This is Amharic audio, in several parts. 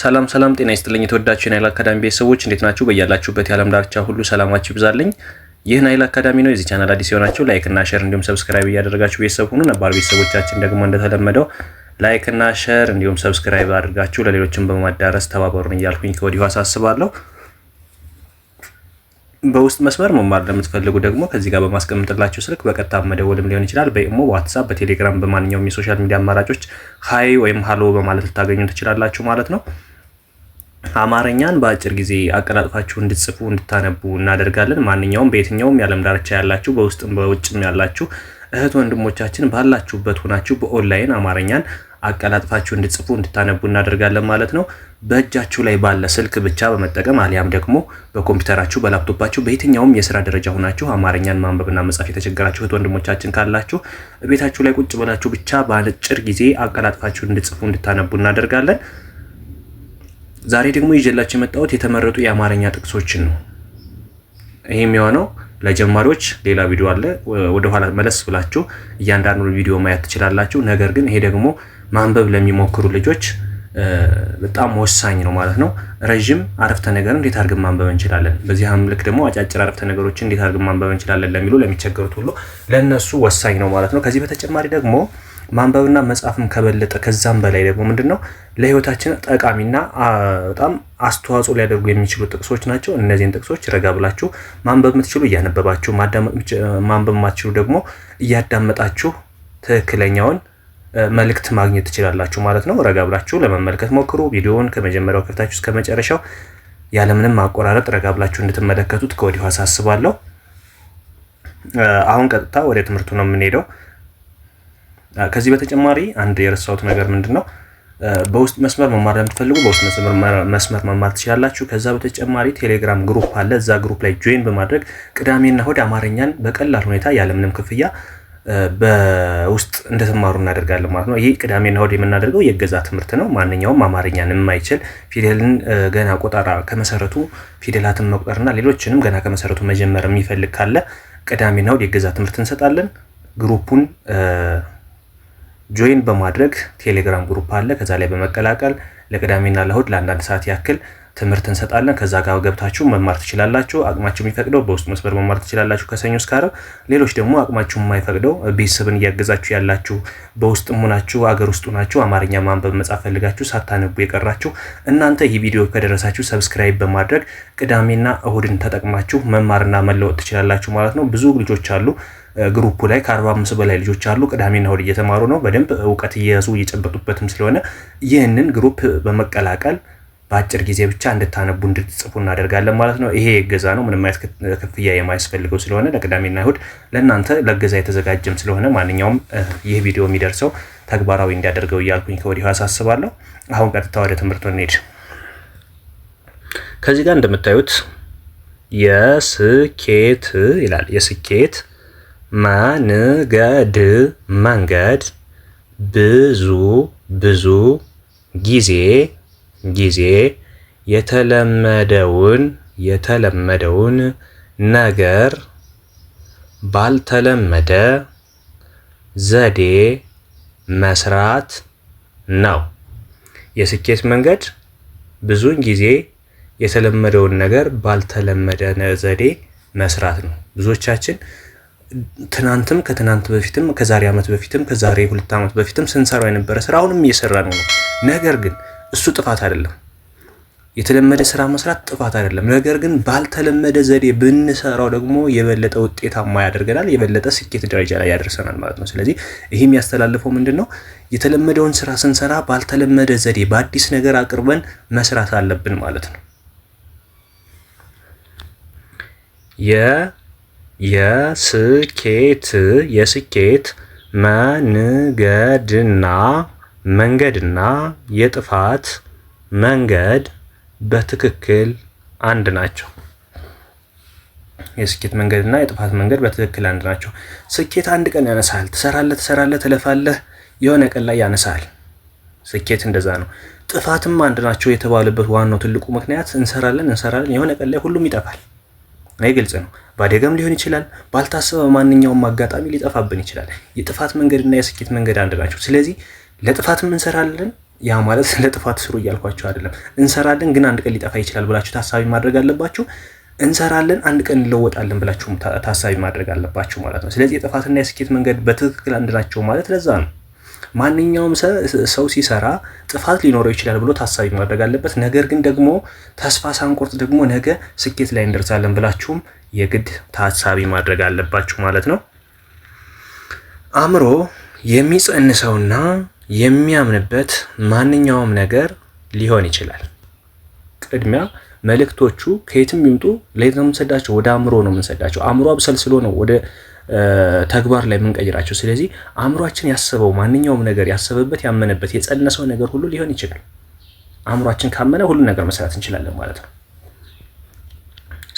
ሰላም ሰላም፣ ጤና ይስጥልኝ የተወዳችሁ የናይል አካዳሚ ቤተሰቦች እንዴት ናችሁ? በያላችሁበት የዓለም ዳርቻ ሁሉ ሰላማችሁ ይብዛልኝ። ይህ ናይል አካዳሚ ነው። የዚህ ቻናል አዲስ የሆናችሁ ላይክ እና ሼር እንዲሁም ሰብስክራይብ እያደረጋችሁ ቤተሰብ ሁኑ። ነባር ቤተሰቦቻችን ደግሞ እንደተለመደው ላይክ እና ሼር እንዲሁም ሰብስክራይብ አድርጋችሁ ለሌሎችም በማዳረስ ተባበሩን እያልኩኝ ከወዲሁ አሳስባለሁ። በውስጥ መስመር መማር ለምትፈልጉ ደግሞ ከዚህ ጋር በማስቀምጥላችሁ ስልክ በቀጥታ መደወልም ሊሆን ይችላል። በኢሞ፣ በዋትሳፕ፣ በቴሌግራም በማንኛውም የሶሻል ሚዲያ አማራጮች ሀይ ወይም ሀሎ በማለት ልታገኙ ትችላላችሁ ማለት ነው። አማርኛን በአጭር ጊዜ አቀላጥፋችሁ እንድትጽፉ እንድታነቡ እናደርጋለን። ማንኛውም በየትኛውም የዓለም ዳርቻ ያላችሁ በውስጥም በውጭም ያላችሁ እህት ወንድሞቻችን ባላችሁበት ሆናችሁ በኦንላይን አማርኛን አቀላጥፋችሁ እንድትጽፉ እንድታነቡ እናደርጋለን ማለት ነው። በእጃችሁ ላይ ባለ ስልክ ብቻ በመጠቀም አሊያም ደግሞ በኮምፒውተራችሁ በላፕቶፓችሁ በየትኛውም የስራ ደረጃ ሆናችሁ አማርኛን ማንበብና መጻፍ የተቸገራችሁ እህት ወንድሞቻችን ካላችሁ ቤታችሁ ላይ ቁጭ ብላችሁ ብቻ በአጭር ጊዜ አቀላጥፋችሁ እንድትጽፉ እንድታነቡ እናደርጋለን። ዛሬ ደግሞ ይዤላችሁ የመጣሁት የተመረጡ የአማርኛ ጥቅሶችን ነው። ይህም የሆነው ለጀማሪዎች ሌላ ቪዲዮ አለ፣ ወደኋላ መለስ ብላችሁ እያንዳንዱ ቪዲዮ ማየት ትችላላችሁ። ነገር ግን ይሄ ደግሞ ማንበብ ለሚሞክሩ ልጆች በጣም ወሳኝ ነው ማለት ነው። ረዥም አረፍተ ነገር እንዴት አድርገን ማንበብ እንችላለን፣ በዚህ አምልክ ደግሞ አጫጭር አረፍተ ነገሮችን እንዴት አድርገን ማንበብ እንችላለን ለሚሉ ለሚቸገሩት ሁሉ ለእነሱ ወሳኝ ነው ማለት ነው። ከዚህ በተጨማሪ ደግሞ ማንበብና መጻፍም ከበለጠ ከዛም በላይ ደግሞ ምንድን ነው ለህይወታችን ጠቃሚና በጣም አስተዋጽኦ ሊያደርጉ የሚችሉ ጥቅሶች ናቸው። እነዚህን ጥቅሶች ረጋ ብላችሁ ማንበብ የምትችሉ እያነበባችሁ፣ ማንበብ የማትችሉ ደግሞ እያዳመጣችሁ ትክክለኛውን መልእክት ማግኘት ትችላላችሁ ማለት ነው። ረጋ ብላችሁ ለመመልከት ሞክሩ። ቪዲዮውን ከመጀመሪያው ከፍታችሁ እስከ መጨረሻው ያለምንም ማቆራረጥ ረጋ ብላችሁ እንድትመለከቱት ከወዲሁ አሳስባለሁ። አሁን ቀጥታ ወደ ትምህርቱ ነው የምንሄደው። ከዚህ በተጨማሪ አንድ የረሳሁት ነገር ምንድን ነው፣ በውስጥ መስመር መማር ለምትፈልጉ በውስጥ መስመር መማር ትችላላችሁ። ከዛ በተጨማሪ ቴሌግራም ግሩፕ አለ። እዛ ግሩፕ ላይ ጆይን በማድረግ ቅዳሜና እሁድ አማርኛን በቀላል ሁኔታ ያለምንም ክፍያ በውስጥ እንደተማሩ እናደርጋለን ማለት ነው። ይህ ቅዳሜና እሁድ የምናደርገው የገዛ ትምህርት ነው። ማንኛውም አማርኛን የማይችል ፊደልን ገና ቆጠራ ከመሰረቱ ፊደላትን መቁጠርና ሌሎችንም ገና ከመሰረቱ መጀመር የሚፈልግ ካለ ቅዳሜና እሁድ የገዛ ትምህርት እንሰጣለን። ግሩፑን ጆይን በማድረግ ቴሌግራም ግሩፕ አለ። ከዛ ላይ በመቀላቀል ለቅዳሜና ለእሁድ ለአንዳንድ ሰዓት ያክል ትምህርት እንሰጣለን። ከዛ ጋር ገብታችሁ መማር ትችላላችሁ። አቅማችሁ የሚፈቅደው በውስጥ መስመር መማር ትችላላችሁ ከሰኞ እስከ ዓርብ። ሌሎች ደግሞ አቅማችሁ የማይፈቅደው ቤተሰብን እያገዛችሁ ያላችሁ በውስጥ ሙናችሁ አገር ውስጡ ናችሁ አማርኛ ማንበብ መጻፍ ፈልጋችሁ ሳታነቡ የቀራችሁ እናንተ ይህ ቪዲዮ ከደረሳችሁ ሰብስክራይብ በማድረግ ቅዳሜና እሁድን ተጠቅማችሁ መማርና መለወጥ ትችላላችሁ ማለት ነው። ብዙ ልጆች አሉ ግሩፑ ላይ ከ45 በላይ ልጆች አሉ። ቅዳሜና እሁድ እየተማሩ ነው። በደንብ እውቀት እየያዙ እየጨበጡበትም ስለሆነ ይህንን ግሩፕ በመቀላቀል በአጭር ጊዜ ብቻ እንድታነቡ እንድትጽፉ እናደርጋለን ማለት ነው። ይሄ እገዛ ነው። ምንም አይነት ክፍያ የማያስፈልገው ስለሆነ ለቅዳሜና እሁድ ለእናንተ ለእገዛ የተዘጋጀም ስለሆነ ማንኛውም ይህ ቪዲዮ የሚደርሰው ተግባራዊ እንዲያደርገው እያልኩኝ ከወዲሁ አሳስባለሁ። አሁን ቀጥታ ወደ ትምህርቱ እንሄድ። ከዚህ ጋር እንደምታዩት የስኬት ይላል። የስኬት መንገድ መንገድ ብዙ ብዙ ጊዜ ጊዜ የተለመደውን የተለመደውን ነገር ባልተለመደ ዘዴ መስራት ነው። የስኬት መንገድ ብዙውን ጊዜ የተለመደውን ነገር ባልተለመደ ዘዴ መስራት ነው። ብዙዎቻችን ትናንትም ከትናንት በፊትም ከዛሬ ዓመት በፊትም ከዛሬ ሁለት ዓመት በፊትም ስንሰራው የነበረ ስራ አሁንም እየሰራ ነው። ነገር ግን እሱ ጥፋት አይደለም። የተለመደ ስራ መስራት ጥፋት አይደለም። ነገር ግን ባልተለመደ ዘዴ ብንሰራው ደግሞ የበለጠ ውጤታማ ያደርገናል፣ የበለጠ ስኬት ደረጃ ላይ ያደርሰናል ማለት ነው። ስለዚህ ይህ የሚያስተላልፈው ምንድን ነው? የተለመደውን ስራ ስንሰራ ባልተለመደ ዘዴ በአዲስ ነገር አቅርበን መስራት አለብን ማለት ነው። የ የስኬት የስኬት መንገድና መንገድና የጥፋት መንገድ በትክክል አንድ ናቸው። የስኬት መንገድና የጥፋት መንገድ በትክክል አንድ ናቸው። ስኬት አንድ ቀን ያነሳል። ትሰራለህ፣ ትሰራለህ፣ ትለፋለህ፣ የሆነ ቀን ላይ ያነሳል። ስኬት እንደዛ ነው። ጥፋትም አንድ ናቸው የተባለበት ዋናው ትልቁ ምክንያት እንሰራለን፣ እንሰራለን፣ የሆነ ቀን ላይ ሁሉም ይጠፋል። ይህ ግልጽ ነው። በአደጋም ሊሆን ይችላል፣ ባልታሰበ ማንኛውም አጋጣሚ ሊጠፋብን ይችላል። የጥፋት መንገድና የስኬት መንገድ አንድ ናቸው። ስለዚህ ለጥፋትም እንሰራለን። ያ ማለት ለጥፋት ስሩ እያልኳቸው አይደለም። እንሰራለን ግን አንድ ቀን ሊጠፋ ይችላል ብላችሁ ታሳቢ ማድረግ አለባችሁ። እንሰራለን አንድ ቀን እንለወጣለን ብላችሁ ታሳቢ ማድረግ አለባችሁ ማለት ነው። ስለዚህ የጥፋትና የስኬት መንገድ በትክክል አንድ ናቸው ማለት ለዛ ነው። ማንኛውም ሰው ሲሰራ ጥፋት ሊኖረው ይችላል ብሎ ታሳቢ ማድረግ አለበት። ነገር ግን ደግሞ ተስፋ ሳንቆርጥ ደግሞ ነገ ስኬት ላይ እንደርሳለን ብላችሁም የግድ ታሳቢ ማድረግ አለባችሁ ማለት ነው። አእምሮ የሚጸንሰውና የሚያምንበት ማንኛውም ነገር ሊሆን ይችላል። ቅድሚያ መልእክቶቹ ከየትም ይምጡ ለየት ነው የምንሰዳቸው፣ ወደ አእምሮ ነው የምንሰዳቸው። አእምሮ አብሰልስሎ ነው ወደ ተግባር ላይ የምንቀይራቸው። ስለዚህ አእምሯችን ያሰበው ማንኛውም ነገር ያሰበበት፣ ያመነበት፣ የጸነሰው ነገር ሁሉ ሊሆን ይችላል። አእምሯችን ካመነ ሁሉ ነገር መስራት እንችላለን ማለት ነው።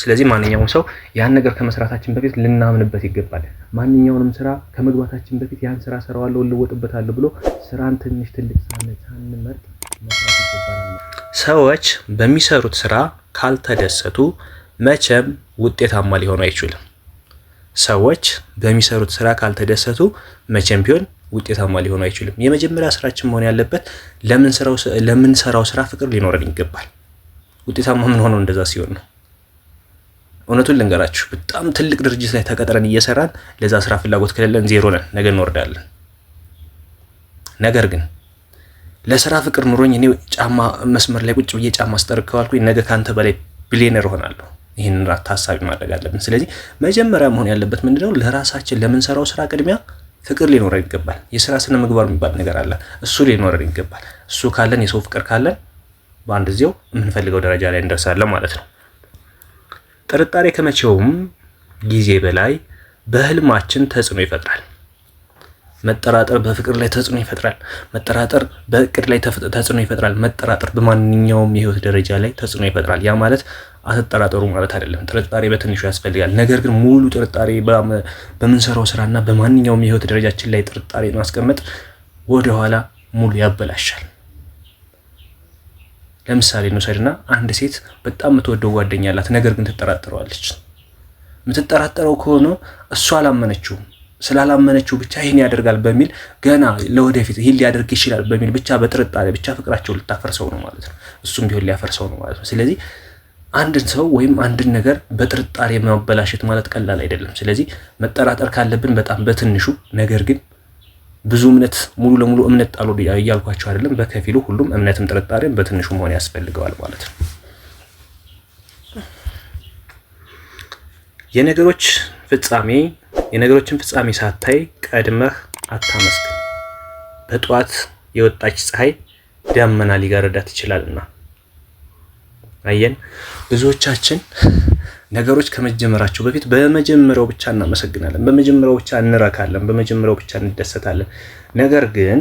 ስለዚህ ማንኛውም ሰው ያን ነገር ከመስራታችን በፊት ልናምንበት ይገባል። ማንኛውንም ስራ ከመግባታችን በፊት ያን ስራ ሰራዋለሁ፣ ልወጥበታለሁ ብሎ ስራን ትንሽ ትልቅ ሳንመርጥ መስራት ይገባል። ሰዎች በሚሰሩት ስራ ካልተደሰቱ መቼም ውጤታማ ሊሆኑ አይችልም። ሰዎች በሚሰሩት ስራ ካልተደሰቱ መቼም ቢሆን ውጤታማ ሊሆኑ አይችልም። የመጀመሪያ ስራችን መሆን ያለበት ለምንሰራው ስራ ፍቅር ሊኖረን ይገባል። ውጤታማ ምን ሆነው እንደዛ ሲሆን ነው። እውነቱን ልንገራችሁ፣ በጣም ትልቅ ድርጅት ላይ ተቀጥረን እየሰራን ለዛ ስራ ፍላጎት ከሌለን ዜሮ ነን፣ ነገ እንወርዳለን። ነገር ግን ለስራ ፍቅር ኑሮኝ እኔ ጫማ መስመር ላይ ቁጭ ብዬ ጫማ ስጠርግ ነገ ከአንተ በላይ ቢሊየነር እሆናለሁ። ይህንን ታሳቢ ማድረግ አለብን። ስለዚህ መጀመሪያ መሆን ያለበት ምንድነው? ለራሳችን ለምንሰራው ስራ ቅድሚያ ፍቅር ሊኖረን ይገባል። የስራ ስነ ምግባር የሚባል ነገር አለ። እሱ ሊኖረን ይገባል። እሱ ካለን፣ የሰው ፍቅር ካለን በአንድ ጊዜው የምንፈልገው ደረጃ ላይ እንደርሳለን ማለት ነው። ጥርጣሬ ከመቼውም ጊዜ በላይ በህልማችን ተጽዕኖ ይፈጥራል። መጠራጠር በፍቅር ላይ ተጽዕኖ ይፈጥራል። መጠራጠር በእቅድ ላይ ተጽዕኖ ይፈጥራል። መጠራጠር በማንኛውም የህይወት ደረጃ ላይ ተጽዕኖ ይፈጥራል። ያ ማለት አትጠራጠሩ ማለት አይደለም። ጥርጣሬ በትንሹ ያስፈልጋል። ነገር ግን ሙሉ ጥርጣሬ በምንሰራው ስራና በማንኛውም የህይወት ደረጃችን ላይ ጥርጣሬ ማስቀመጥ ወደኋላ ሙሉ ያበላሻል። ለምሳሌ እንውሰድና አንድ ሴት በጣም የምትወደው ጓደኛ አላት፣ ነገር ግን ትጠራጥረዋለች። የምትጠራጠረው ከሆነ እሱ አላመነችውም። ስላላመነችው ብቻ ይህን ያደርጋል በሚል ገና ለወደፊት ይህን ሊያደርግ ይችላል በሚል ብቻ በጥርጣሬ ብቻ ፍቅራቸው ልታፈርሰው ነው ማለት ነው። እሱም ቢሆን ሊያፈርሰው ነው ማለት ነው። ስለዚህ አንድን ሰው ወይም አንድን ነገር በጥርጣሬ ማበላሸት ማለት ቀላል አይደለም። ስለዚህ መጠራጠር ካለብን በጣም በትንሹ ነገር ግን ብዙ እምነት ሙሉ ለሙሉ እምነት ጣሉ እያልኳቸው አይደለም። በከፊሉ ሁሉም እምነትም ጥርጣሬም በትንሹ መሆን ያስፈልገዋል ማለት ነው። የነገሮች ፍጻሜ የነገሮችን ፍጻሜ ሳታይ ቀድመህ አታመስግን። በጠዋት የወጣች ፀሐይ ደመና ሊጋረዳት ይችላልና። አየን ብዙዎቻችን ነገሮች ከመጀመራቸው በፊት በመጀመሪያው ብቻ እናመሰግናለን፣ በመጀመሪያው ብቻ እንረካለን፣ በመጀመሪያው ብቻ እንደሰታለን። ነገር ግን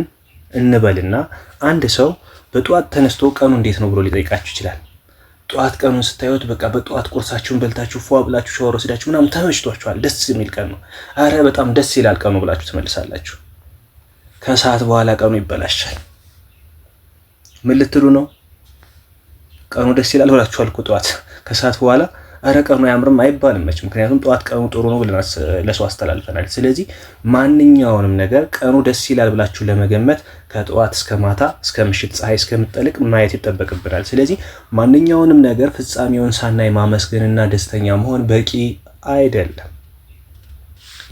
እንበልና አንድ ሰው በጠዋት ተነስቶ ቀኑ እንዴት ነው ብሎ ሊጠይቃችሁ ይችላል። ጠዋት ቀኑን ስታዩት በቃ በጠዋት ቁርሳችሁን በልታችሁ ፏ ብላችሁ ሻወር ወስዳችሁ ምናምን ተመችቷችኋል። ደስ የሚል ቀን ነው። አረ በጣም ደስ ይላል ቀኑ ብላችሁ ትመልሳላችሁ። ከሰዓት በኋላ ቀኑ ይበላሻል። ምን ልትሉ ነው? ቀኑ ደስ ይላል ብላችኋል እኮ ጠዋት። ከሰዓት በኋላ ኧረ ቀኑ አያምርም አይባልም መች። ምክንያቱም ጠዋት ቀኑ ጥሩ ነው ብለን ለሰው አስተላልፈናል። ስለዚህ ማንኛውንም ነገር ቀኑ ደስ ይላል ብላችሁ ለመገመት ከጠዋት እስከ ማታ እስከ ምሽት ፀሐይ እስከምጠልቅ ማየት ይጠበቅብናል። ስለዚህ ማንኛውንም ነገር ፍጻሜውን ሳናይ ማመስገንና ደስተኛ መሆን በቂ አይደለም።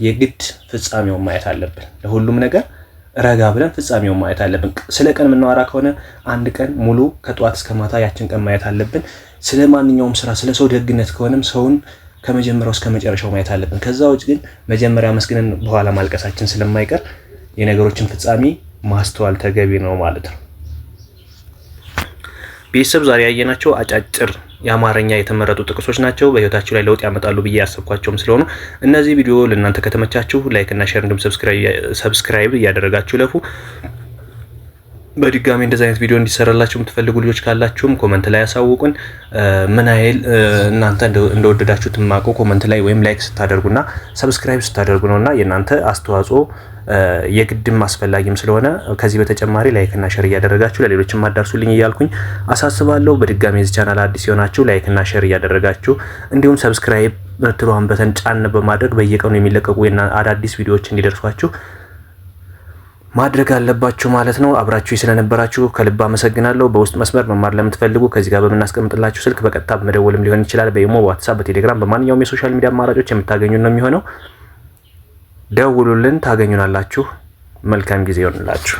የግድ ፍጻሜውን ማየት አለብን ለሁሉም ነገር ረጋ ብለን ፍጻሜውን ማየት አለብን። ስለ ቀን የምናወራ ከሆነ አንድ ቀን ሙሉ ከጠዋት እስከ ማታ ያችን ቀን ማየት አለብን። ስለ ማንኛውም ስራ፣ ስለ ሰው ደግነት ከሆነም ሰውን ከመጀመሪያው እስከ መጨረሻው ማየት አለብን። ከዛ ውጭ ግን መጀመሪያ መስግነን በኋላ ማልቀሳችን ስለማይቀር የነገሮችን ፍጻሜ ማስተዋል ተገቢ ነው ማለት ነው። ቤተሰብ ዛሬ ያየናቸው አጫጭር የአማርኛ የተመረጡ ጥቅሶች ናቸው። በህይወታችሁ ላይ ለውጥ ያመጣሉ ብዬ ያሰብኳቸውም ስለሆኑ እነዚህ ቪዲዮ ለእናንተ ከተመቻችሁ ላይክ እና ሼር እንዲሁም ሰብስክራይብ እያደረጋችሁ ለፉ በድጋሚ እንደዚህ አይነት ቪዲዮ እንዲሰራላችሁ የምትፈልጉ ልጆች ካላችሁም ኮመንት ላይ ያሳውቁን። ምን ያህል እናንተ እንደወደዳችሁት ማውቀው ኮመንት ላይ ወይም ላይክ ስታደርጉና ሰብስክራይብ ስታደርጉ ነው እና የእናንተ አስተዋጽኦ የግድም አስፈላጊም ስለሆነ ከዚህ በተጨማሪ ላይክና ሸር እያደረጋችሁ ለሌሎችም አዳርሱልኝ እያልኩኝ አሳስባለሁ። በድጋሚ የዚህ ቻናል አዲስ የሆናችሁ ላይክና ሸር እያደረጋችሁ እንዲሁም ሰብስክራይብ ትሏን በተን ጫን በማድረግ በየቀኑ የሚለቀቁ አዳዲስ ቪዲዮዎች እንዲደርሷችሁ ማድረግ አለባችሁ ማለት ነው። አብራችሁ ስለነበራችሁ ከልብ አመሰግናለሁ። በውስጥ መስመር መማር ለምትፈልጉ ከዚህ ጋር በምናስቀምጥላችሁ ስልክ በቀጥታ በመደወልም ሊሆን ይችላል። በኢሞ፣ በዋትሳፕ፣ በቴሌግራም በማንኛውም የሶሻል ሚዲያ አማራጮች የምታገኙን ነው የሚሆነው። ደውሉልን፣ ታገኙናላችሁ። መልካም ጊዜ ይሆንላችሁ።